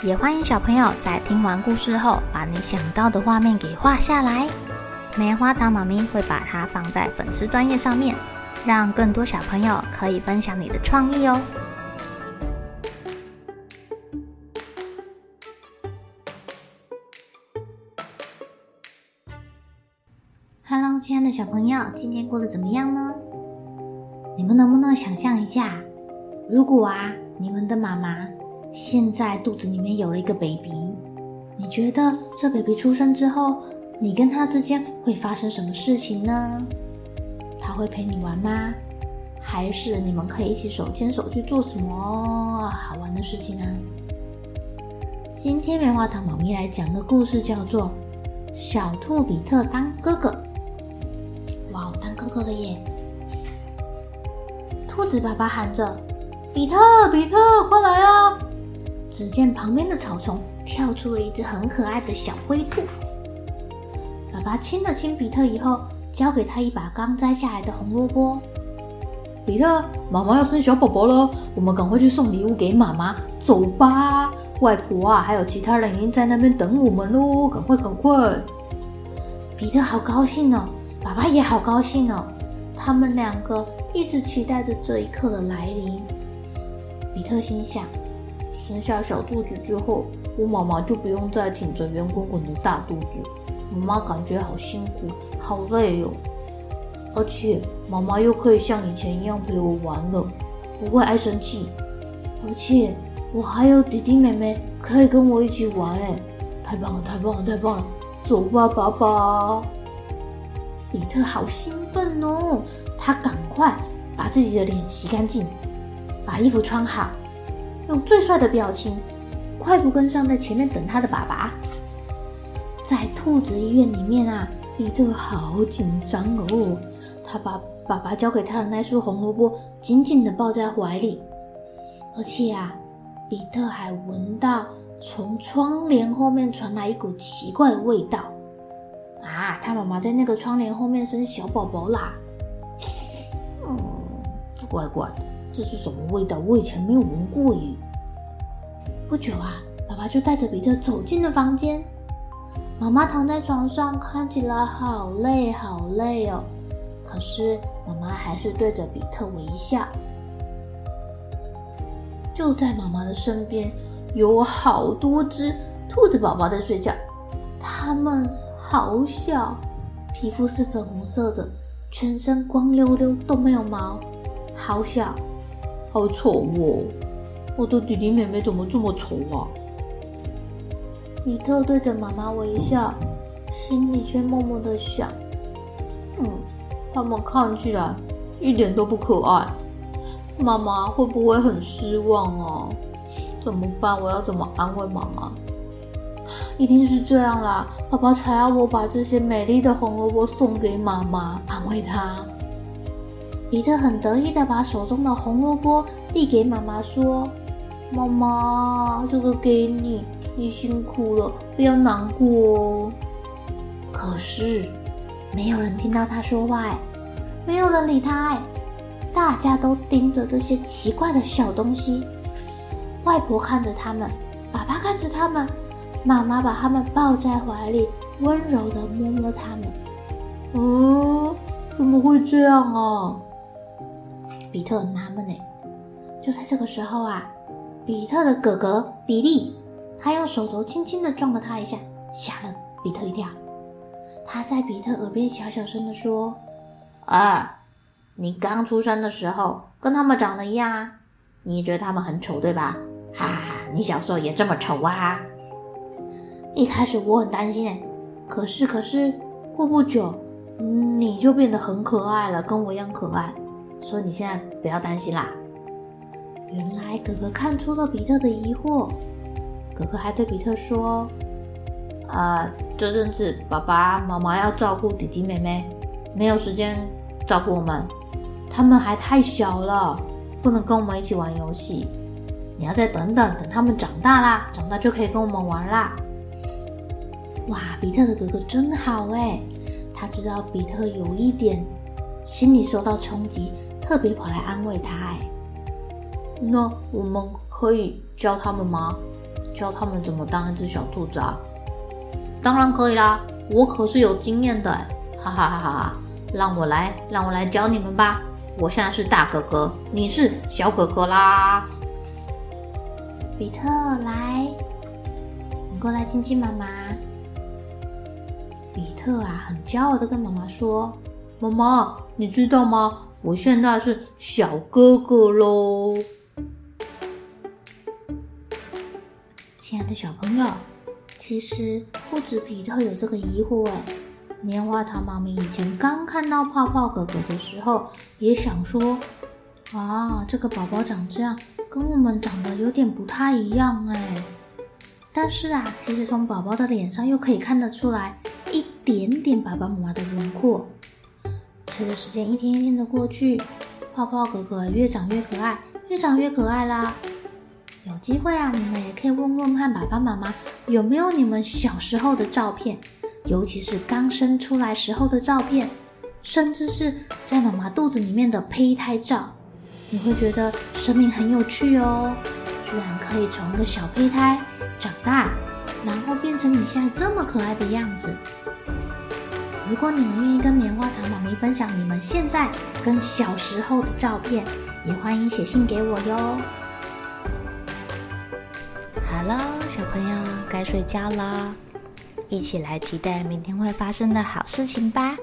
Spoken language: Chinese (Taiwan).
也歡迎小朋友在聽完故事後，把你想到的畫面給畫下來。棉花糖媽咪會把它放在粉絲專頁上面，讓更多小朋友可以分享你的創意哦。Hello，親愛的小朋友，今天過得怎麼樣呢？你們能不能想象一下，如果啊，你們的媽媽，現在肚子裡面有了一個 baby，你覺得這 baby 出生之後，你跟他之間會發生什麼事情呢？他會陪你玩嗎？還是你們可以一起手牽手去做什麼好玩的事情呢、啊？今天棉花糖媽咪來講的故事叫做《小兔彼特當哥哥》。哇，當哥哥了耶！兔子爸爸喊着：“彼特，彼特，快來啊、哦！”只見旁邊的草叢跳出了一隻很可愛的小灰兔。爸爸親了親彼特以後，交給他一把剛摘下來的紅蘿蔔。彼特，媽媽要生小寶寶了，我們趕快去送禮物給媽媽，走吧！外婆啊，還有其他人已經在那邊等我們嘍，趕快，趕快！彼特好高興哦，爸爸也好高興哦，他們兩個一直期待着這一刻的來臨。彼特心想。生下小兔子之後，我媽媽就不用再挺着圓滾滾的大肚子，媽媽感覺好辛苦、好累喲、哦。而且媽媽又可以像以前一樣陪我玩了，不會愛生氣。而且我還有弟弟妹妹可以跟我一起玩哎，太棒了！太棒了！太棒了！走吧，寶寶。彼特好興奮哦，他趕快把自己的臉洗乾淨，把衣服穿好。用最帥的表情，快步跟上在前面等他的爸爸。在兔子醫院裡面啊，彼特好緊張哦。他把爸爸交給他的那束紅蘿蔔緊緊地抱在懷裡，而且啊，彼特還聞到從窗簾後面傳來一股奇怪的味道。啊，他媽媽在那個窗簾後面生小寶寶啦！嗯，怪怪的。這是什麼味道？我以前沒有聞過耶！不久啊，爸爸就帶着彼特走進了房間。媽媽躺在床上，看起來好累好累哦。可是媽媽還是對着彼特微笑。就在媽媽的身邊，有好多隻兔子寶寶在睡覺。它們好小，皮膚是粉紅色的，全身光溜溜都沒有毛，好小。好醜哦！我的弟弟妹妹怎麼這麼醜啊？彼特對着媽媽微笑，心裡卻默默的想：嗯，他們看起來一點都不可愛。媽媽會不會很失望啊？怎麼辦？我要怎麼安慰媽媽？一定是這樣啦，爸爸才要我把這些美麗的紅蘿蔔送給媽媽，安慰她。彼特很得意的把手中的紅蘿蔔遞給媽媽，說：“媽媽，這個給你，你辛苦了，不要難過哦。”可是，沒有人聽到他說話誒，沒有人理他，哎，大家都盯着這些奇怪的小東西。外婆看着他們，爸爸看着他們，媽媽把他們抱在懷裡，溫柔的摸摸他們。嗯、哦，怎麼會這樣啊？彼特很納悶哎，就在這個時候啊，彼特的哥哥比利，他用手肘輕輕地撞了他一下，嚇了彼特一跳。他在彼特耳邊小小聲的說：“啊，你剛出生的時候跟他們長得一樣啊，你也覺得他們很醜對吧？哈哈哈，你小時候也這麼醜啊！一開始我很擔心哎，可是可是過不久，你就變得很可愛了，跟我一樣可愛。”所以你現在不要擔心啦。原來哥哥看出了彼特的疑惑，哥哥還對彼特說、呃：“啊，這陣子爸爸、媽媽要照顧弟弟妹妹，沒有時間照顧我們，他們還太小了，不能跟我們一起玩遊戲。你要再等等，等他們長大啦，長大就可以跟我們玩啦。”哇，彼特的哥哥真好誒，他知道彼特有一點心裡受到衝擊。特別跑來安慰他、欸，哎,那我們可以教他們嗎？教他們怎麼當一只小兔子啊？當然可以啦，我可是有經驗的、欸，哈哈哈哈！哈，讓我來，讓我來教你們吧。我現在是大哥哥，你是小哥哥啦。彼特，來，你過來親親媽媽。彼特啊，很驕傲的跟媽媽說：“媽媽，你知道嗎？”我現在是小哥哥嘍。親愛的小朋友，其實不止彼特有這個疑惑哎，棉花糖媽咪以前剛看到泡泡哥哥的時候，也想說，啊，這個寶寶長這樣，跟我們長得有點不太一樣哎，但是啊，其實從寶寶的臉上又可以看得出來一點點爸爸媽媽的輪廓。隨着時間一天一天的過去，泡泡哥哥越長越可愛，越長越可愛啦！有機會啊，你們也可以問問看爸爸媽媽有沒有你們小時候的照片，尤其是剛生出來時候的照片，甚至是在媽媽肚子裡面的胚胎照。你會覺得生命很有趣哦，居然可以從一個小胚胎長大，然後變成你現在這麼可愛的樣子。如果你們願意跟棉花糖媽咪分享你們現在跟小時候的照片，也歡迎寫信給我喲。好嘍，小朋友該睡覺了，一起來期待明天會發生的好事情吧。